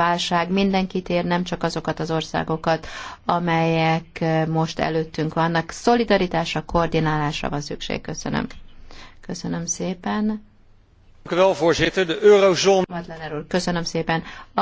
válság mindenkit ér, nem csak azokat az országokat, amelyek eh, most előttünk vannak. Szolidaritásra, koordinálásra van szükség. Köszönöm. Köszönöm szépen. Köszönöm szépen.